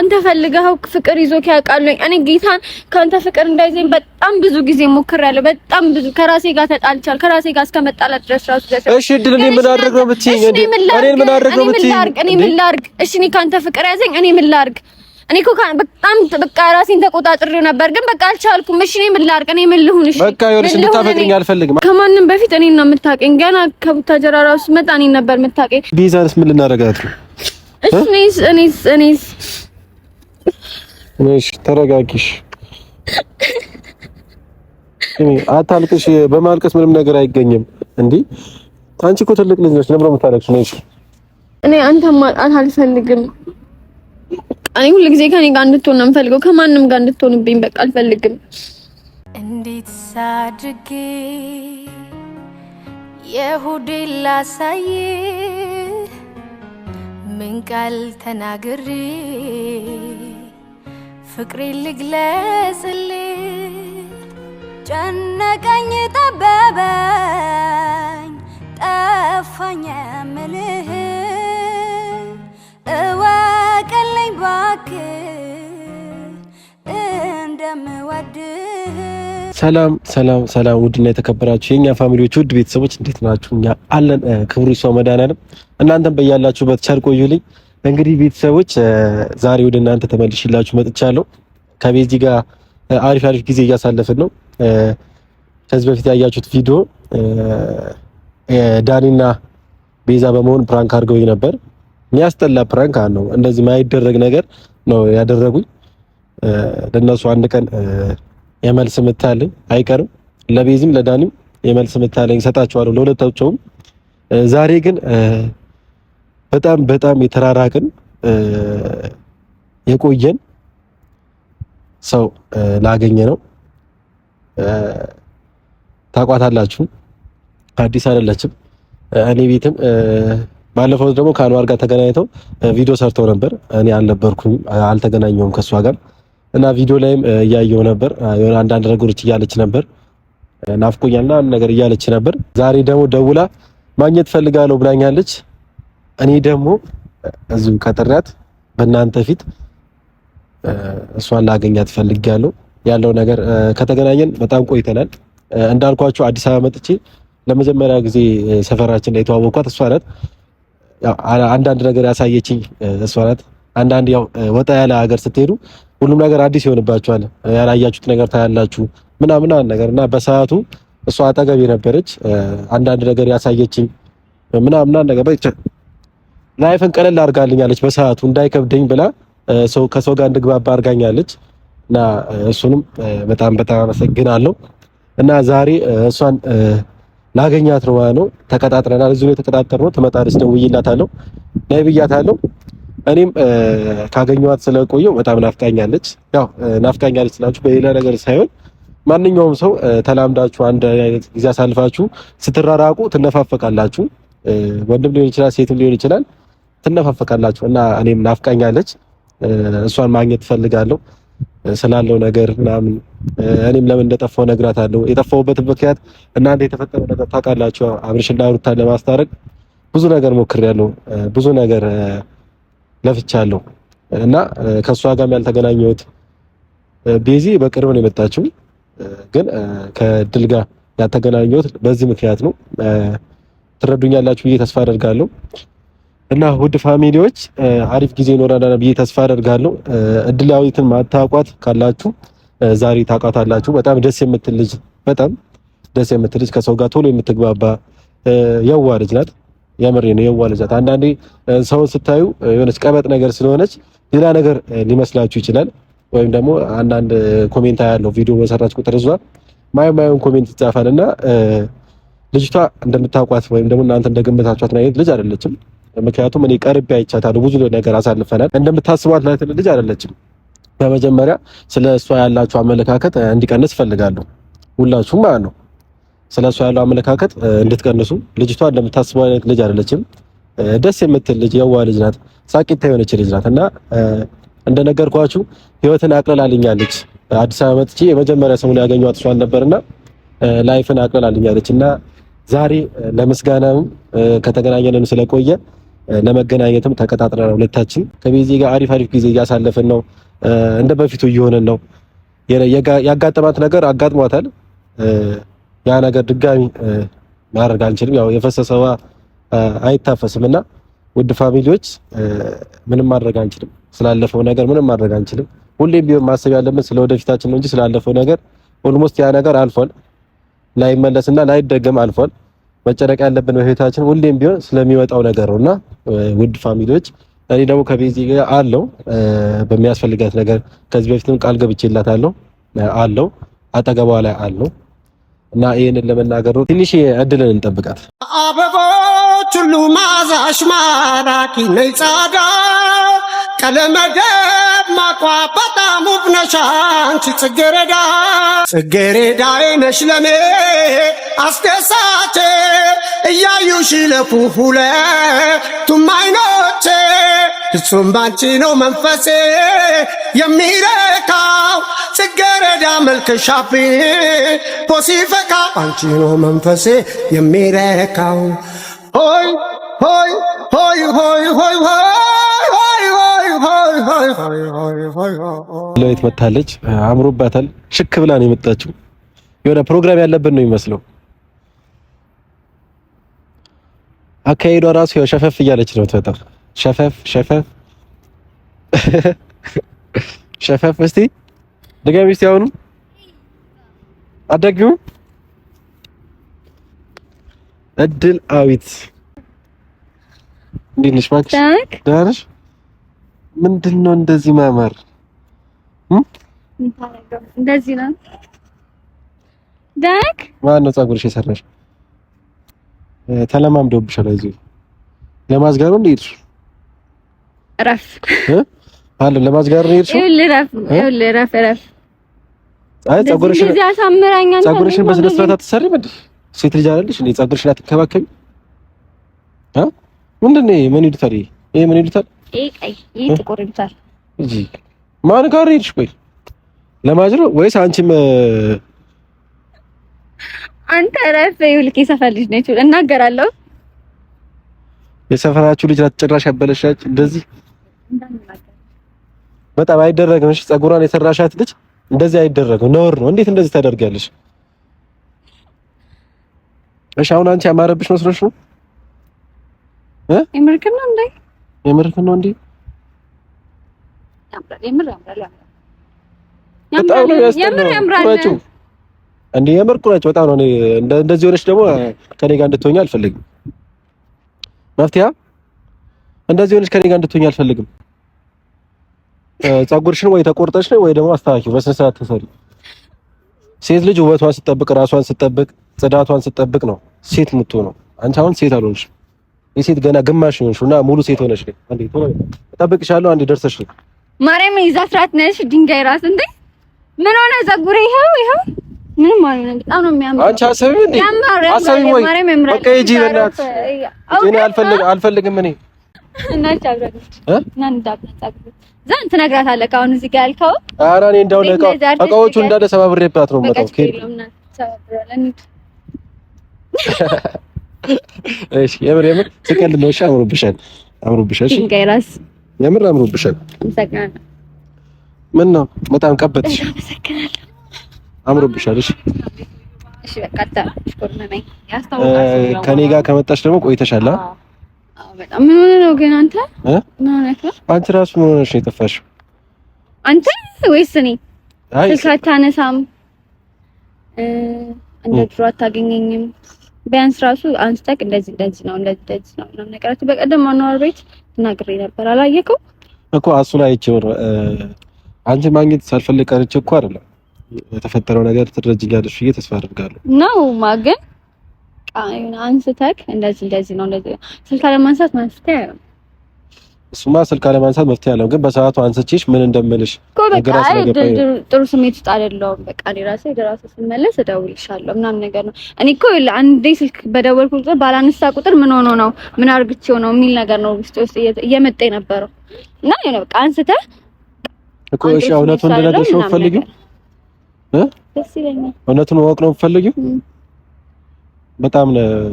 አንተ ፈልገኸው ፍቅር ይዞ ያውቃለኝ። እኔ ጌታን ከአንተ ፍቅር እንዳይዘኝ በጣም ብዙ ጊዜ ሞክሬያለሁ። በጣም ብዙ ከራሴ ጋር ተጣልቻል። ከራሴ ጋር እስከመጣላት ድረስ ራሱ እሺ፣ እድል እኔ ምን አድርግ ነው ብትይኝ? እኔ ምን ላድርግ? እኔ ምን ላድርግ? እሺ፣ እኔ ከአንተ ፍቅር ያዘኝ። እኔ ምን ላድርግ? እኔ እኮ በጣም በቃ ራሴን ተቆጣጥሬው ነበር፣ ግን በቃ አልቻልኩም። እሺ እኔ ምን ላድርግ? እኔ ምን ልሁን? እሺ በቃ ይኸውልሽ፣ እንድታፈቅሪኝ አልፈልግም። ከማንም በፊት እኔን ነው የምታውቀኝ። ገና ከቡታጀራ እራሱ ስመጣ እኔን ነበር የምታውቀኝ። ቤዛንስ ምን ልናደርጋት ነው? እሺ እኔስ እኔስ እኔስ እሺ ተረጋጊሽ፣ አታልቅሽ። በማልቀስ ምንም ነገር አይገኝም። እንዲ አንቺ እኮ ትልቅ ልጅ ነሽ፣ ለምን የምታለቅሽ? ነሽ እኔ አንተ ማጣት አልፈልግም። እኔ ጊዜ ከኔ ጋር እንድትሆን ነው የምፈልገው፣ ከማንም ጋር እንድትሆንብኝ በቃ አልፈልግም። እንዴት ሳድርጌ የሁዴ ላሳይ ምን ቃል ተናግሬ ፍቅሬ ልግለጽልህ ጨነቀኝ ጠበበኝ ጠፋኝ የምልህ እወቅልኝ እባክህ እንደምወድህ። ሰላም ሰላም ሰላም! ውድና የተከበራችሁ የኛ ፋሚሊዎች ውድ ቤተሰቦች እንዴት ናችሁ? እኛ አለን። ክብሩ ይስፋ መድኃኒዓለም እናንተም በያላችሁበት ቸር ቆዩልኝ። እንግዲህ ቤተሰቦች ዛሬ ወደ እናንተ ተመልሼላችሁ መጥቻለሁ። ከቤዚ ጋር አሪፍ አሪፍ ጊዜ እያሳለፍን ነው። ከዚህ በፊት ያያችሁት ቪዲዮ ዳኒና ቤዛ በመሆን ፕራንክ አድርገውኝ ነበር። የሚያስጠላ ፕራንክ ነው። እንደዚህ የማይደረግ ነገር ነው ያደረጉኝ። ለእነሱ አንድ ቀን የመልስ ምታለኝ አይቀርም። ለቤዚም ለዳኒም የመልስ ምታለኝ ሰጣቸዋለሁ፣ ለሁለታቸውም። ዛሬ ግን በጣም በጣም የተራራቅን የቆየን ሰው ላገኘ ነው። ታቋታላችሁ፣ አዲስ አይደለችም። እኔ ቤትም ባለፈው ደግሞ ከአንዋር ጋር ተገናኝተው ቪዲዮ ሰርተው ነበር። እኔ አልነበርኩም፣ አልተገናኘውም ከእሷ ጋር እና ቪዲዮ ላይም እያየው ነበር። የሆነ አንዳንድ ነገሮች እያለች ነበር፣ ናፍቆኛልና ነገር እያለች ነበር። ዛሬ ደግሞ ደውላ ማግኘት ፈልጋለሁ ብላኛለች። እኔ ደግሞ እዚሁ ከጥሪያት በእናንተ ፊት እሷን ላገኛት ፈልጊያለሁ። ያለው ነገር ከተገናኘን በጣም ቆይተናል። እንዳልኳችሁ አዲስ አበባ መጥቼ ለመጀመሪያ ጊዜ ሰፈራችን ላይ የተዋወቅኳት እሷ ናት። አንዳንድ ነገር ያሳየችኝ እሷ ናት። አንዳንድ ያው ወጣ ያለ ሀገር ስትሄዱ ሁሉም ነገር አዲስ ይሆንባችኋል። ያላያችሁት ነገር ታያላችሁ ምናምን ነገር እና በሰዓቱ እሷ አጠገብ የነበረች አንዳንድ ነገር ያሳየችኝ ምናምን ነገር ላይፍን ቀለል አድርጋልኛለች። በሰዓቱ እንዳይከብደኝ ብላ ሰው ከሰው ጋር እንድግባባ አድርጋኛለች እና እሱንም በጣም በጣም አመሰግናለሁ። እና ዛሬ እሷን ላገኛት ነው ነው ተቀጣጥረናል። እዚሁ ነው የተቀጣጠርነው። ትመጣለች፣ ደውዬላታለሁ፣ ነይ ብያታለሁ። እኔም ካገኘኋት ስለቆየው በጣም ናፍቃኛለች። ያው ናፍቃኛለች ስላችሁ በሌላ ነገር ሳይሆን ማንኛውም ሰው ተላምዳችሁ አንድ አይነት ጊዜ አሳልፋችሁ ስትራራቁ ትነፋፈቃላችሁ። ወንድም ሊሆን ይችላል፣ ሴትም ሊሆን ይችላል። ትነፋፈቃላችሁ እና እኔም ናፍቃኛለች። እሷን ማግኘት ፈልጋለሁ ስላለው ነገር ምናምን እኔም ለምን እንደጠፋው እነግራታለሁ። የጠፋውበት ምክንያት እናንተ የተፈጠረው ነገር ታውቃላችሁ። አብርሽና ሩታን ለማስታረቅ ብዙ ነገር ሞክሬያለሁ፣ ብዙ ነገር ለፍቻለሁ እና ከእሷ ጋርም ያልተገናኘሁት ቤዚ በቅርብ ነው የመጣችው፣ ግን ከድል ጋር ያልተገናኘሁት በዚህ ምክንያት ነው። ትረዱኛላችሁ ብዬ ተስፋ አደርጋለሁ። እና ውድ ፋሚሊዎች አሪፍ ጊዜ ይኖራል ብዬ ተስፋ አደርጋለሁ። እድላዊትን ማታቋት ካላችሁ ዛሬ ታቋታላችሁ። በጣም ደስ የምትል ልጅ በጣም ደስ የምትል ልጅ ከሰው ጋር ቶሎ የምትግባባ የዋ ልጅ ናት። የምሬ ነው፣ የዋ ልጅ ናት። አንዳንዴ ሰውን ስታዩ የሆነች ቀበጥ ነገር ስለሆነች ሌላ ነገር ሊመስላችሁ ይችላል። ወይም ደግሞ አንዳንድ ኮሜንት ያለው ቪዲዮ በሰራች ቁጥር እዟ ማየው ማየውን ኮሜንት ይጻፋል እና ልጅቷ እንደምታውቋት ወይም ደግሞ እናንተ እንደገመታችኋት አይነት ልጅ አይደለችም። ምክንያቱም እኔ ቀርቤ አይቻታለሁ። ብዙ ነገር አሳልፈናል። እንደምታስቧት ናት ልጅ አይደለችም። በመጀመሪያ ስለ እሷ ያላችሁ አመለካከት እንዲቀንስ ፈልጋለሁ። ሁላችሁም ማለት ነው። ስለ እሷ ያለው አመለካከት እንድትቀንሱ። ልጅቷ እንደምታስበው አይነት ልጅ አይደለችም። ደስ የምትል ልጅ፣ የዋህ ልጅ ናት፣ ሳቂታ የሆነች ልጅ ናት እና እንደነገርኳችሁ ህይወትን አቅልላልኛለች። አዲስ አበባ መጥቼ የመጀመሪያ ሰሞን ያገኘኋት እሷን ነበርና ላይፍን አቅልላልኛለች እና ዛሬ ለምስጋናም ከተገናኘንም ስለቆየ ለመገናኘትም ተቀጣጥረናል። ሁለታችን ከቤዚ ጋር አሪፍ አሪፍ ጊዜ እያሳለፍን ነው። እንደ በፊቱ እየሆነን ነው። ያጋጠማት ነገር አጋጥሟታል። ያ ነገር ድጋሚ ማድረግ አንችልም። ያው የፈሰሰው አይታፈስም እና ውድ ፋሚሊዎች ምንም ማድረግ አንችልም። ስላለፈው ነገር ምንም ማድረግ አንችልም። ሁሌም ቢሆን ማሰብ ያለብን ስለወደፊታችን ነው እንጂ ስላለፈው ነገር ኦልሞስት ያ ነገር አልፏል። ላይመለስና ላይደገም አልፏል። መጨነቅ ያለብን በህይወታችን ሁሌም ቢሆን ስለሚወጣው ነገር ነውና ውድ ፋሚሊዎች። እኔ ደግሞ ከቤዚ ጋር አለው በሚያስፈልጋት ነገር ከዚህ በፊትም ቃል ገብቼላታለሁ አለው አጠገቧ ላይ አለው እና ይህንን ለመናገር ነው። ትንሽ እድልን እንጠብቃት አበባ ሁሉ ማዛሽ ማራኪ ነይ ጻዳ ቀለመ ደማቋ በጣም ውብ ነሽ አንቺ ጽጌረዳ ጽጌረዳዬ ነሽ ለኔ አስደሳቼ እያዩሽ ይለፉ ሁለቱም አይኖቼ ፍጹም ባንቺ ነው መንፈሴ የሚረካው ጽጌረዳ መልክሽ አብቦ ሲፈካ አንቺ ነው መንፈሴ የሚረካው ሆይ ሆይ ሆይ ሆይ ሆይ ለቤት መታለች። አምሮባታል። ሽክ ብላ ነው የመጣችው። የሆነ ፕሮግራም ያለብን ነው የሚመስለው። አካሄዷ ራሱ ያው ሸፈፍ እያለች ነው ትወጣ። ሸፈፍ ሸፈፍ ሸፈፍ። እስቲ ድጋሚ እስቲ አሁንም አደግም እድል አዊት እንዴት ነሽ? እባክሽ ደህና ነሽ? ምንድን ነው እንደዚህ ማማር? እንደዚህ ነው ደግ ማን ነው ፀጉርሽ የሰራሽ? ተለማምዶብሻል። ለማዝጋሩ እንደ ሄድሽ እረፍ አለ ለማዝጋሩ ነው ሄድሽ። ይኸውልህ ይኸውልህ እረፍ እረፍ። አይ ፀጉርሽን በስነ ስርዓት አትሰሪም እንደ ሴት ልጅ አይደለሽ እንዴ? ፀጉርሽ ላይ አትንከባከቢ? ምንድን ነው ምን ይሉታል? ይሄ ምን ይሉታል? ይሄ ቀይ ይሄ ጥቁር ይሉታል ማን ጋር ሄድሽ? ቆይ ለማጅሮ ወይስ አንቺም? አንተ ረፍ ይልቅ የሰፈር ልጅ ነች እናገራለሁ። የሰፈራችሁ ልጅ ናት ጭራሽ ያበለሻች እንደዚህ በጣም አይደረግም። እሺ ፀጉሯን የሰራሻት ልጅ እንደዚህ አይደረግም፣ ነውር ነው። እንዴት እንደዚህ ታደርጊያለሽ? እሺ፣ አሁን አንቺ ያማረብሽ መስሎሽ ነው? የምርክን ነው እንዴ? የምርክን ነው እንዴ? እንደ የምር ቁራጭ በጣም ነው። እንደ እንደዚህ ሆነሽ ደግሞ ከኔ ጋር እንድትሆኝ አልፈልግም። መፍትያ እንደዚህ ሆነሽ ከኔ ጋር እንድትሆኝ አልፈልግም። ፀጉርሽን ወይ ተቆርጠሽ ነው ወይ ደግሞ አስተካኪው በስነ ስርዓት ተሰሪ ሴት ልጅ ውበቷን ስጠብቅ፣ ራሷን ስጠብቅ፣ ጽዳቷን ስጠብቅ ነው ሴት ምቶ ነው። አንቺ አሁን ሴት አልሆንሽም። የሴት ገና ግማሽ ነው እና ሙሉ ሴት ሆነሽ ነው። አንዴ ቶሎ እጠብቅሻለሁ። አንዴ ደርሰሽ ነው። ማርያም ይዛ ስራት ነሽ ድንጋይ ራስ እንዴ! ምን ሆነ ጸጉሬ? ይሄው ይሄው ምንም አልሆነም። በጣም ነው የሚያምር። አንቺ አሰብም እንዴ? አሰብም ወይ? በቃ ሂጂ በእናትሽ። እኔ አልፈልግም እኔ ዛን ትነግራታለህ። አሁን እዚህ ጋር ያልከው እንዳው እንዳለ ሰባብሬባት ነው የምመጣው። እሺ የምር የምር ስቀልድ ነው። እሺ አምሮብሻል፣ አምሮብሻል። እሺ የምር አምሮብሻል። ምን ነው በጣም ቀበጥሽ፣ አምሮብሻል። እሺ እሺ፣ በቃ ከኔ ጋር ከመጣሽ ደግሞ ቆይተሻል። በጣም ምን ሆነህ ነው ግን አንተ? አንቺ ራሱ ምን ሆነሽ ነው የጠፋሽው? አንተ ወይስ እኔ? ስልክ አታነሳም፣ እንደ ድሮ አታገኘኝም። ቢያንስ ራሱ አንስተቅ እንደዚህ እንደዚህ ነው እንደዚህ እንደዚህ ነው ምናምን በቀደም አኗር ቤት ትናግሬ ነበር አላየከው እኮ እሱ ላይ አንቺ ማግኘት ሳልፈልግ ቀርቼ እኮ አይደለም የተፈጠረው ነገር ትረጅኛለሽ ብዬ ተስፋ አድርጋለሁ ነው ማግኘት በቃ አንስተክ እንደዚህ እንደዚህ ነው እንደዚህ ስልክ አለማንሳት መፍትሄ አይሆንም። እሱማ ስልክ አለማንሳት መፍትሄ አለው፣ ግን በሰዓቱ አንስቼሽ ምን እንደምልሽ ጥሩ ስሜት ውስጥ አይደለሁም። በቃ እኔ ራሴ ወደ ራሴ ስመለስ እደውልልሻለሁ ምናምን ነገር ነው። እኔ እኮ አንዴ ስልክ በደወልኩ ቁጥር ባላነሳ ቁጥር ምን ሆኖ ነው ምን አርግቼው ነው የሚል ነገር ነው ውስጥ ውስጥ እየመጣ የነበረው እና የሆነ በቃ አንስተህ እኮ እሺ፣ እውነቱን እንድነግርሽ ነው የምትፈልጊው? እህ ደስ ይለኛል። እውነቱን ወቅ ነው የምትፈልጊው? በጣም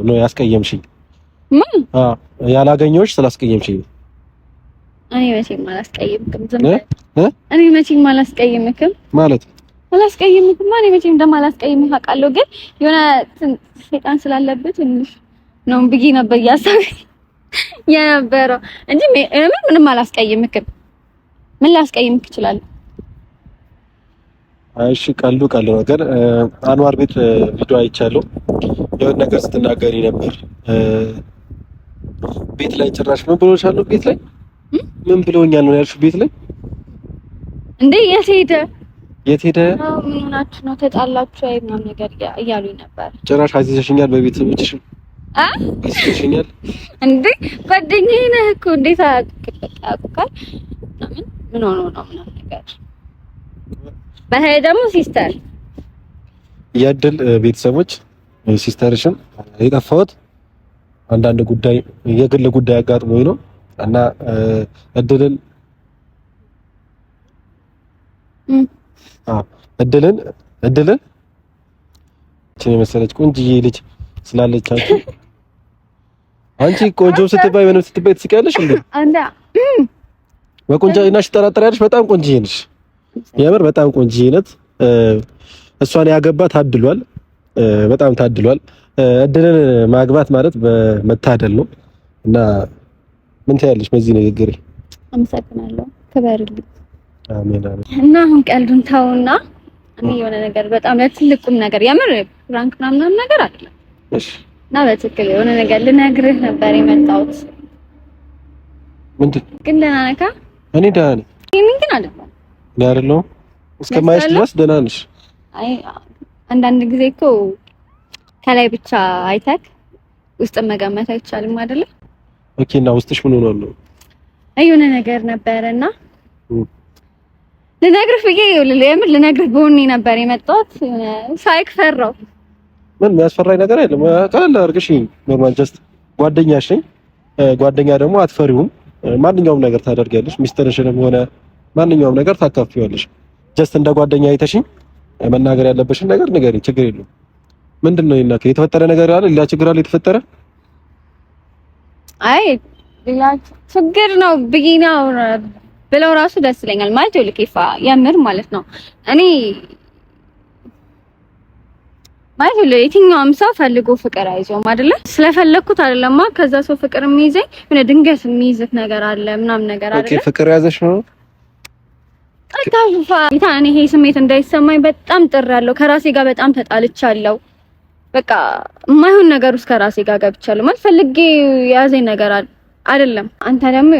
ነው ያስቀየምሽኝ። ምን? አዎ ያላገኘሁሽ ስላስቀየምሽኝ። እኔ መቼም አላስቀየምክም። ዝም ብለህ እኔ መቼም አላስቀየምክም ማለት አላስቀየምክም። እኔ መቼም እንደማላስቀየምህ አውቃለሁ፣ ግን የሆነ ሰይጣን ስላለበት ትንሽ ነው ብዬ ነበር እያሰብኩኝ የነበረው እንጂ ምን ምንም አላስቀየምክም። ምን ላስቀየምክ ይችላል? እሺ ቀልዱ ቀልዱ ነገር አንዋር ቤት ቪዲዮ አይቻለሁ። የሆነ ነገር ስትናገሪ ነበር። ቤት ላይ ጭራሽ ምን ብሎሻል ነው? ቤት ላይ ምን ብሎኛል ነው ያልሽው? ቤት ላይ እንዴ? የት ሄደ? የት ሄደ? ምን ሆናችሁ ነው? ተጣላችሁ? አይ ምናምን ነገር እያሉኝ ነበር። ጭራሽ አዚዘሽኛል፣ በቤተሰቦችሽ አይዘሽኛል እንዴ ጓደኛዬ ነህ እኮ እንዴት አቁቃል? ምን ምን ሆኖ ነው ምናምን ነገር በሄደ ደግሞ ሲስተር የእድል ቤተሰቦች ሲስተርሽን የጠፋሁት አንዳንድ ጉዳይ የግል ጉዳይ አጋጥሞኝ ነው እና እድልን እድልን እድልን ችን የመሰለች ቆንጅዬ ልጅ ስላለቻችሁ አንቺ ቆንጆ ስትባይ ምንም ስትባይ ትስቂያለሽ እንዴ? አንዳ በቁንጅናሽ ትጠራጠሪያለሽ። በጣም ቆንጅዬ ነሽ። የምር በጣም ቆንጅዬ ነት። እሷን ያገባት አድሏል። በጣም ታድሏል። እድልን ማግባት ማለት በመታደል ነው እና ምን ታያለሽ በዚህ ንግግር? አመሰግናለሁ። ክበርልኝ። አሜን አሜን። እና አሁን ቀልዱን ተውና እኔ የሆነ ነገር በጣም ለትልቁም ነገር የምር ፍራንክ ምናምን ነገር አይደለም። እሺ። እና በትክክል የሆነ ነገር ልነግርህ ነበር የመጣሁት። ምንድን ግን ደህና ነህ? እኔ ደህና ነኝ። ይሄንን ግን አይደለም። ደህና አይደለሁም። እስከማይሽ ድረስ ደህና ነሽ? አይ አንዳንድ ጊዜ እኮ ከላይ ብቻ አይተክ ውስጥ መገመት አይቻልም አይደለ? ኦኬ። እና ውስጥሽ ምን ሆኗል ነው? የሆነ ነገር ነበረና ልነግርህ ብዬ ይኸውልህ፣ የምን ልነግርህ በሆኔ ነበር የመጣሁት። ሳይክ ፈራው። ምን የሚያስፈራኝ ነገር የለም። ቀለል አድርገሽ ኖርማል ጀስት ጓደኛሽ ነኝ። ጓደኛ ደግሞ አትፈሪውም። ማንኛውም ነገር ታደርጊያለሽ። ሚስጥርሽንም ሆነ ማንኛውም ነገር ታካፊዋለሽ። ጀስት እንደ ጓደኛ አይተሽኝ መናገር ያለበሽን ነገር ንገሪ፣ ችግር የለም። ምንድን ነው ይናከ የተፈጠረ ነገር አለ? ሌላ ችግር አለ የተፈጠረ? አይ ሌላ ችግር ነው ብዬ ነው ብለው ራሱ ደስ ይለኛል ማለት ነው። ልኬፋ የምር ማለት ነው እኔ ማለት ነው የትኛውም ሰው ፈልጎ ፍቅር አይዞም አይደለ? ስለፈለኩት አይደለማ ከዛ ሰው ፍቅር የሚይዘኝ ምን ድንገት የሚይዝት ነገር አለ ምናምን ነገር አለ። ኦኬ ፍቅር ያዘሽ ነው ቀጣዩፋ ይታን ይሄ ስሜት እንዳይሰማኝ በጣም ጥሬያለሁ። ከራሴ ጋር በጣም ተጣልቻለሁ። በቃ የማይሆን ነገር ውስጥ ከራሴ ጋር ገብቻለሁ። ማለት ፈልጌ የያዘኝ ነገር አይደለም። አንተ ደግሞ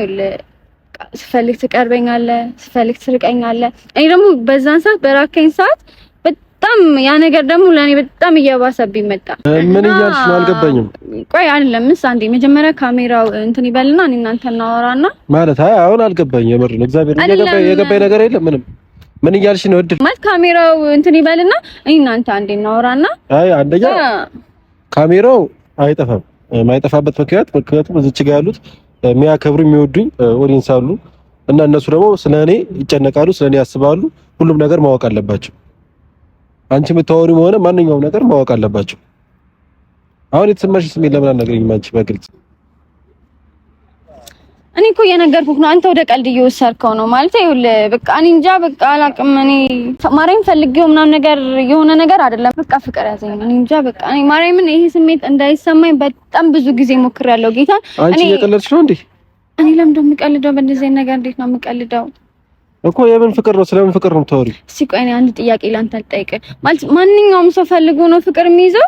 ስፈልግ ትቀርበኛለህ፣ ስፈልግ ትርቀኛለህ። እኔ ደግሞ በዛን ሰዓት በራከኝ ሰዓት በጣም ያ ነገር ደግሞ ለእኔ በጣም እያባሰብኝ መጣ። ምን እያልሽ ነው? አልገባኝም። ቆይ አይደለም ምስ አንዴ መጀመሪያ ካሜራው እንትን ይበልና እናንተ እናወራና ማለት አይ አሁን አልገባኝ። የምር እግዚአብሔር የገባኝ ነገር የለም ምንም ምን እያልሽ ነው? እድል ማለት ካሜራው እንትን ይበልና እናንተ አንዴ እናወራና አይ አንደኛ ካሜራው አይጠፋም። የማይጠፋበት ምክንያት ምክንያቱም እዚች ጋር ያሉት የሚያከብሩ የሚወዱኝ ኦዲንስ አሉ እና እነሱ ደግሞ ስለኔ ይጨነቃሉ፣ ስለኔ ያስባሉ። ሁሉም ነገር ማወቅ አለባቸው። አንቺ የምታወሪው ሆነ ማንኛውም ነገር ማወቅ አለባቸው። አሁን የተሰማሽ ስሜት ለምን አልነገረኝም? አንቺ በግልጽ እኔ እኮ እየነገርኩህ ነው። አንተ ወደ ቀልድ እየወሰድከው ነው ማለት ይኸውልህ፣ በቃ እኔ እንጃ፣ በቃ አላውቅም። እኔ ማርያም ፈልጌው ምናምን ነገር የሆነ ነገር አይደለም። በቃ ፍቅር ያዘኝ። እኔ እንጃ፣ በቃ እኔ ማርያምን ይሄ ስሜት እንዳይሰማኝ በጣም ብዙ ጊዜ ሞክሬያለሁ። ጌታ አንቺ እየቀለድሽ ነው እንዴ? እኔ ለምን እንደምቀልደው በእንደዚህ ነገር እንዴት ነው የምቀልደው? እኮ የምን ፍቅር ነው? ስለምን ፍቅር ነው የምታወሪው? እስኪ ቆይ እኔ አንድ ጥያቄ ላንተ አልጠይቅህ ማለት ማንኛውም ሰው ፈልጎ ነው ፍቅር የሚይዘው?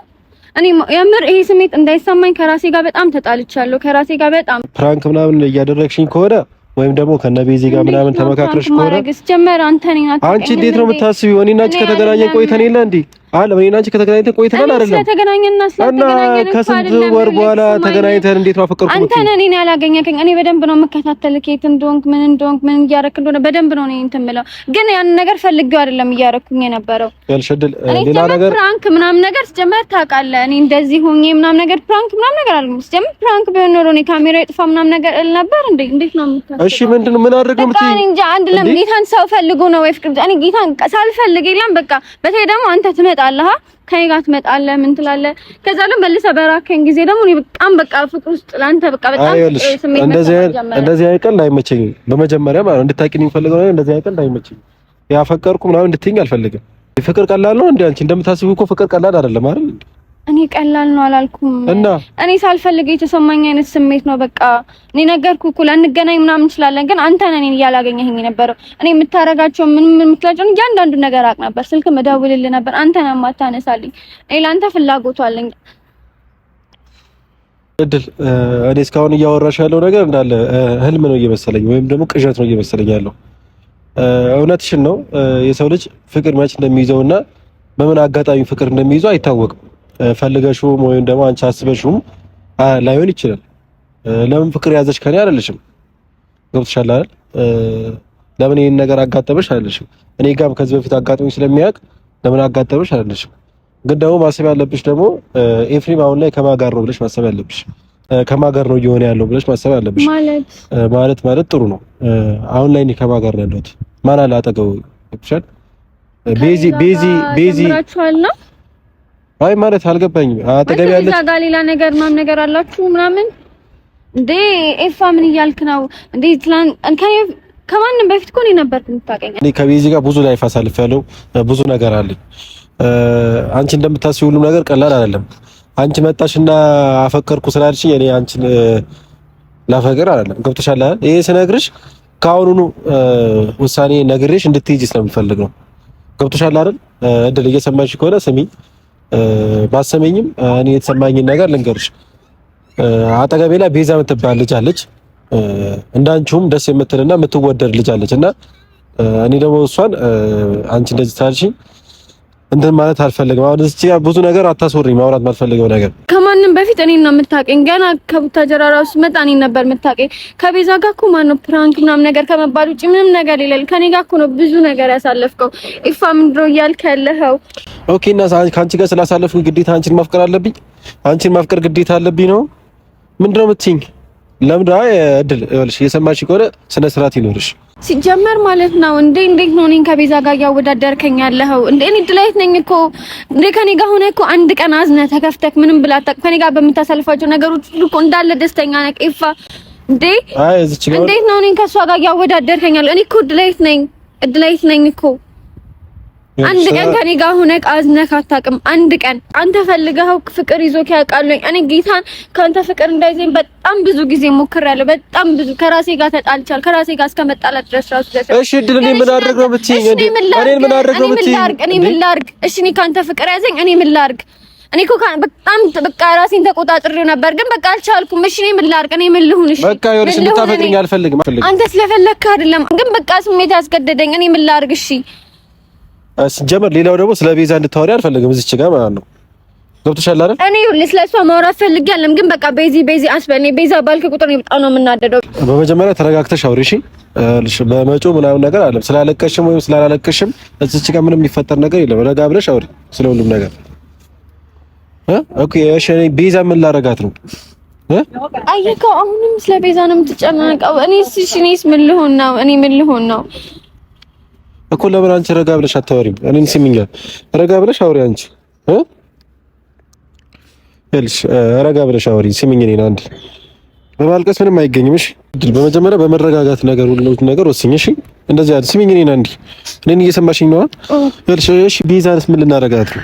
እኔ የምር ይሄ ስሜት እንዳይሰማኝ ከራሴ ጋር በጣም ተጣልቻለሁ። ከራሴ ጋር በጣም ፕራንክ ምናምን እያደረግሽኝ ከሆነ ወይም ደግሞ ከነቤዚ ጋር ምናምን ተመካክረሽ ከሆነ አንቺ እንዴት ነው የምታስቢው? እኔና አንቺ ከተገናኘን ቆይተን የለ እንዴ አለ እኔ እና አንቺ ከተገናኝተን ቆይተናል አይደለም? ስለተገናኘንና ስለተገናኘን ከስንት ወር በኋላ ተገናኝተን እንዴት ነው አፈቀርኩት? አንተ ነህ እኔን ያላገኘከኝ። እኔ በደንብ ነው የምከታተልህ፣ ከየት እንደሆንክ ምን እንደሆንክ ምን እያደረክ እንደሆነ በደንብ ነው እኔ እንትን የምለው። ግን ያን ነገር ፈልጌው አይደለም እያደረኩኝ የነበረው ያልሽድል ሌላ ነገር ፕራንክ ምናምን ነገር ስጀመር ታውቃለህ፣ እኔ እንደዚህ ሆኜ ምናምን ነገር ፕራንክ ምናምን ነገር አለ ስጀመር ፕራንክ ቢሆን ኖሮ እኔ ካሜራ ይጥፋ ምናምን ነገር እል ነበር እንዴ? እንዴት ነው የምታስበው? እሺ ምንድን ነው ምን አድርገው ምት ታን እንጂ አንድ ለምን ጌታን ሰው ፈልጎ ነው ወይ ፍቅር እኔ ጌታን ሳልፈልግ የለም በቃ በተለይ ደግሞ አንተ ትመጣ ትመጣለህ፣ ከኔ ጋር ትመጣለህ፣ ምን ትላለህ። ከዛ ደግሞ መልሰህ በራከኝ ጊዜ ደግሞ እኔ በጣም በቃ ፍቅር ውስጥ ላንተ በቃ በጣም ስሜት እንደዚህ እንደዚህ አይቀል አይመቸኝም። በመጀመሪያ ማለት እንድታቂኝ የምፈልገው ነገር እንደዚህ አይቀል አይመቸኝም። ያፈቀርኩ ምናምን እንድትይኝ አልፈልግም። ፍቅር ቀላል ነው እንዴ? አንቺ እንደምታስቢው እኮ ፍቅር ቀላል አይደለም አይደል? እኔ ቀላል ነው አላልኩም። እኔ ሳልፈልግ የተሰማኝ አይነት ስሜት ነው። በቃ እኔ ነገርኩ እኮ ላንገናኝ ምናምን እንችላለን፣ ግን አንተ ነህ እኔን እያላገኘኸኝ የነበረው። እኔ የምታረጋቸው ምን ምን የምትላቸው እያንዳንዱ ነገር አውቅ ነበር። ስልክ መደውልልህ ነበር፣ አንተ ነህ የማታነሳልኝ። እኔ ላንተ ፍላጎቱ አለኝ። እድል እኔ እስካሁን እያወራሽ ያለው ነገር እንዳለ ህልም ነው እየመሰለኝ፣ ወይም ደግሞ ቅዠት ነው እየመሰለኝ ያለው። እውነትሽን ነው። የሰው ልጅ ፍቅር መች እንደሚይዘውና በምን አጋጣሚ ፍቅር እንደሚይዘው አይታወቅም። ፈልገሽውም ወይም ደግሞ አንቺ አስበሽውም ላይሆን ይችላል። ለምን ፍቅር ያዘሽ ከኔ አይደለሽም። ገብቶሻል አይደል? ለምን ይሄን ነገር አጋጠመሽ አይደለሽም። እኔ ጋም ከዚህ በፊት አጋጥሞኝ ስለሚያውቅ ለምን አጋጠመሽ አይደለሽም። ግን ደግሞ ማሰብ ያለብሽ ደግሞ ኤፍሬም አሁን ላይ ከማን ጋር ነው ብለሽ ማሰብ ያለብሽ ከማን ጋር ነው እየሆነ ያለው ብለሽ ማሰብ ያለብሽ። ማለት ማለት ማለት ጥሩ ነው። አሁን ላይ እኔ ከማን ጋር ነው ያለሁት? ማን አለ አጠገቡ? ቤዚ ቤዚ ቤዚ ነው አይ ማለት አልገባኝም። አጠገብ ያለች እዛ ጋር ሌላ ነገር ምናምን ነገር አላችሁ ምናምን እንዴ ኤፋ ምን እያልክ ነው እንዴ? ትላንት ከማንም በፊት እኮ እኔ ነበርኩ የምታውቀኝ። እኔ ከቤዚ ጋር ብዙ ላይፍ አሳልፌያለሁ። ብዙ ነገር አለኝ። አንቺ እንደምታስቢው ሁሉም ነገር ቀላል አይደለም። አንቺ መጣሽና አፈቀርኩ ስላልሽ እኔ አንቺን ላፈቅር አይደለም። ገብቶሻል አይደል? ይሄ ስነግርሽ ከአሁኑኑ ውሳኔ ነግሬሽ እንድትሄጂ ስለምፈልግ ነው። ገብቶሻል አይደል? እድል እየሰማሽ ከሆነ ስሚ ባሰመኝም እኔ የተሰማኝን ነገር ልንገርሽ። አጠገቤ ላይ ቤዛ የምትባል ልጅ አለች። እንዳንቺውም ደስ የምትልና የምትወደድ ልጅ አለች እና እኔ ደግሞ እሷን አንቺ እንደዚህ ታልሽኝ እንትን ማለት አልፈልግም። አሁን እዚህ ጋር ብዙ ነገር አታስወሪ፣ ማውራት ማልፈልገው ነገር ከማንም በፊት እኔን ነው የምታውቀኝ። ገና ከቡታጀራ እራሱ መጣ እኔን ነበር የምታውቀኝ። ከቤዛ ጋር እኮ ማነው ፕራንክ ምናምን ነገር ከመባል ውጭ ምንም ነገር የለም። ከኔ ጋር እኮ ነው ብዙ ነገር ያሳለፍከው። ኢፋ ምንድሮ እያልክ ያለኸው? ኦኬ። እና ከአንቺ ጋር ስላሳለፍኩኝ ግዴታ አንቺን ማፍቀር አለብኝ? አንቺን ማፍቀር ግዴታ አለብኝ ነው ምንድነው የምትይኝ? ለምዳ እድል ይኸውልሽ፣ የሰማሽ ከሆነ ስነ ስርዓት ይኖርሽ ሲጀመር ማለት ነው እንዴ! እንዴት ነው እኔን ከቤዛ ጋር እያወዳደርከኝ ያለኸው? እንዴ እኔ ድላይት ነኝ እኮ እንዴ! ከኔ ጋር ሆነ እኮ አንድ ቀን አዝነ ተከፍተክ ምንም ብላ አታውቅም። ከኔ ጋር በምታሳልፋቸው ነገሮች ሁሉ እኮ እንዳለ ደስተኛ ነህ። ኢፋ እንዴ! እንዴት ነው እኔን ከእሷ ጋር እያወዳደርከኝ ያለኸው? እኔ እኮ ድላይት ነኝ፣ ድላይት ነኝ እኮ አንድ ቀን ከኔ ጋር ሆነ አዝነህ አታውቅም። አንድ ቀን አንተ ፈልገኸው ፍቅር ይዞ ያውቃለኝ። እኔ ጌታን ከአንተ ፍቅር እንዳይዘኝ በጣም ብዙ ጊዜ ሞክሬያለሁ። በጣም ብዙ ከራሴ ጋር ተጣልቻለሁ። ከራሴ ጋር እስከ መጣላት ድረስ ራሱ ደስ እሺ፣ እድል እኔ ምን ላድርግ ነው ብትይኝ፣ እኔ ምን ላድርግ ነው ብትይኝ፣ እኔ ምን ላድርግ? እሺ፣ እኔ ከአንተ ፍቅር ያዘኝ፣ እኔ ምን ላድርግ? እኔ እኮ በጣም በቃ ራሴን ተቆጣጥሬው ነበር፣ ግን በቃ አልቻልኩም። እሺ እኔ ምን ላድርግ? እኔ ምን ልሁን? እሺ በቃ ይኸውልሽ፣ እንድታፈቅሪኝ አልፈልግም። አንተ ስለፈለግህ አይደለም፣ ግን በቃ ስሜት ያስገደደኝ። እኔ ምን ላድርግ? እሺ ሲጀመር ሌላው ደግሞ ስለ ቤዛ እንድታወሪ አልፈልግም እዚች ጋር ማለት ነው። ገብቶሻል አይደል? እኔ ይኸውልህ ስለ እሷ ማውራት ፈልጋለም፣ ግን በቃ ቤዚ ቤዚ አስበኔ ቤዛ ባልክ ቁጥር ነው በጣም ነው የምናደደው። በመጀመሪያ ተረጋግተሽ አውሪ እሺ። በመጮ ምናምን ነገር አለም ስላለቀሽም ወይም ስላላለቀሽም እዚች ጋር ምንም የሚፈጠር ነገር የለም። ረጋ ብለሽ አውሪ ስለ ሁሉም ነገር ኦኬ። እሺ እኔ ቤዛ ምን ላረጋት ነው? አየከው አሁንም ስለ ቤዛ ነው የምትጨናነቀው። እኔስ እሺ እኔስ ምን ልሆን ነው? እኔ ምን ልሆን ነው? እኮ ለምን አንቺ ረጋ ብለሽ አታወሪም? እኔን ስሚኝ፣ ረጋ ብለሽ አውሪ። አንቺ እልሽ ረጋ ብለሽ አውሪ። ስሚኝ፣ እኔን አንድ በማልቀስ ምንም አይገኝም። እሺ፣ በመጀመሪያ በመረጋጋት ነገር ሁሉ ነገር ወስኝ። እሺ፣ እንደዚህ አይደል? ስሚኝ፣ እኔን አንድ እኔን እየሰማሽኝ ነው? እልሽ። እሺ፣ ቢዛንስ ምን ልናረጋት ነው?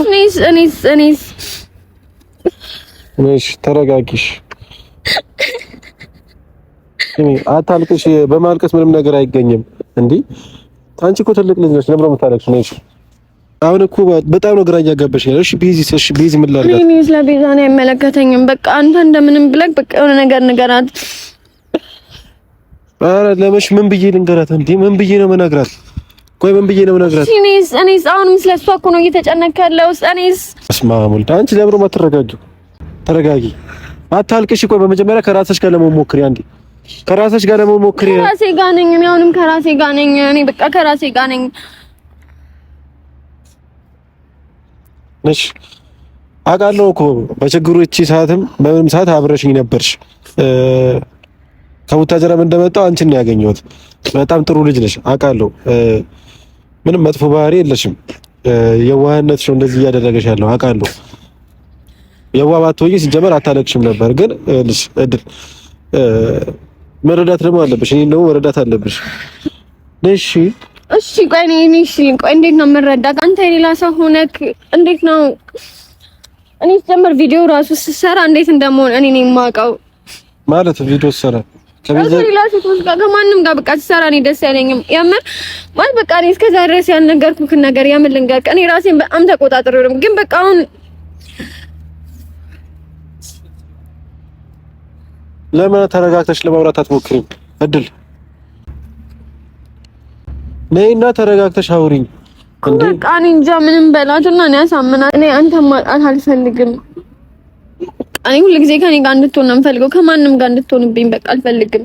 እኔስ እኔስ እኔስ እሺ፣ ተረጋጊሽ። አታልቅሽ። በማልቀስ ምንም ነገር አይገኝም እንዲህ አንቺ እኮ ትልቅ ልጅ ነሽ። ለምን የምታለቅሽ ነሽ? አሁን እኮ በጣም ነው ግራ እያጋባሽ ያለው። እሺ ቤዚ፣ እሺ ቤዚ፣ ምን ላድርጋት? እኔ ስለ ቤዛ ነው አይመለከተኝም። በቃ አንተ እንደምንም ብለህ በቃ የሆነ ነገር ንገራት። ኧረ ለመሽ ምን ብዬ ልንገራት እንዴ? ምን ብዬ ነው መናግራት? ቆይ ምን ብዬ ነው መናግራት? እኔስ እኔስ አሁንም ስለ እሷ እኮ ነው እየተጨነከ ያለው። እኔስ እስማ ሙልታ፣ አንቺ ለምን አትረጋጊ? ተረጋጊ፣ አታልቅሽ። ቆይ በመጀመሪያ ከራስሽ ጋር ለመሞክሪ አንዴ ከራስሽ ጋር ደግሞ ሞክሪ። ከራሴ ጋር ነኝ፣ እኔ አሁንም ከራሴ ጋር ነኝ። እኔ በቃ ከራሴ ጋር ነኝ። ነሽ አውቃለሁ እኮ በችግሩ እቺ ሰዓትም በምንም ሰዓት አብረሽኝ ነበርሽ። ከቡታጀራም እንደመጣው አንቺን ነው ያገኘሁት። በጣም ጥሩ ልጅ ነሽ አውቃለሁ። ምንም መጥፎ ባህሪ የለሽም። የዋህነት ሽው እንደዚህ እያደረገሽ ያለው አውቃለሁ። የዋህ ባትሆኚ ሲጀመር አታለቅሽም ነበር። ግን እድል መረዳት ደግሞ አለብሽ። እኔ ደግሞ መረዳት አለብሽ። እሺ እሺ፣ ቆይ እኔ እሺ፣ ቆይ እንዴት ነው የምረዳት? አንተ የሌላ ሰው ሆነክ እንዴት ነው እኔ ጀመር ቪዲዮ ራሱ ስሰራ እንዴት እንደምሆን እኔ ነኝ የማውቀው። ማለት ቪዲዮ ስሰራ ከቤት ሌላ ሰው ጋር ከማንም ጋር በቃ ስሰራ እኔ ደስ አይለኝም። የምር ማለት በቃ እኔ እስከዛ ድረስ ያልነገርኩህን ነገር የምን ልንገርህ? እኔ ራሴን በጣም ተቆጣጥሬው ግን በቃ አሁን ለምን ተረጋግተሽ ለማውራት አትሞክሪም? እድል ነይና ተረጋግተሽ አውሪኝ። እንዴ ቃን እንጃ ምንም በላትና እኔ አሳምና እኔ አንተ ማጣት አልፈልግም። እኔ ሁልጊዜ ከኔ ጋር እንድትሆን ነው የምፈልገው። ከማንም ጋር እንድትሆንብኝ በቃ አልፈልግም።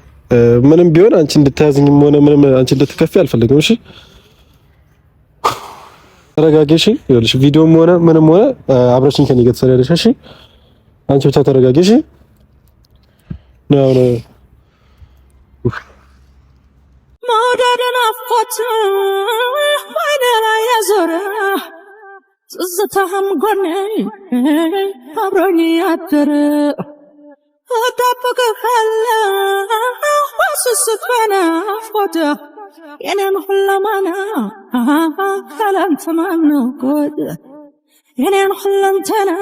ምንም ቢሆን አንቺ እንድታያዝኝም ሆነ ምንም አንቺ እንድትከፊ አልፈልግም። እሺ ተረጋጊ። ይኸውልሽ፣ ቪዲዮም ሆነ ምንም ሆነ አብረሽኝ ከኔ ጋር ትሰሪያለሽ። እሺ አንቺ ብቻ ተረጋጊ። ነው ነው መውደድን አፍቆት ላይ ያዞረ አብሮኝ ያደረ እጠብቅሃለሁ وسستنا فوده ينام حلمنا كلام تمامنا قد ينام حلمتنا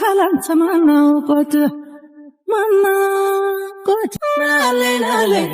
كلام تمامنا قد منا አትቅረብኝ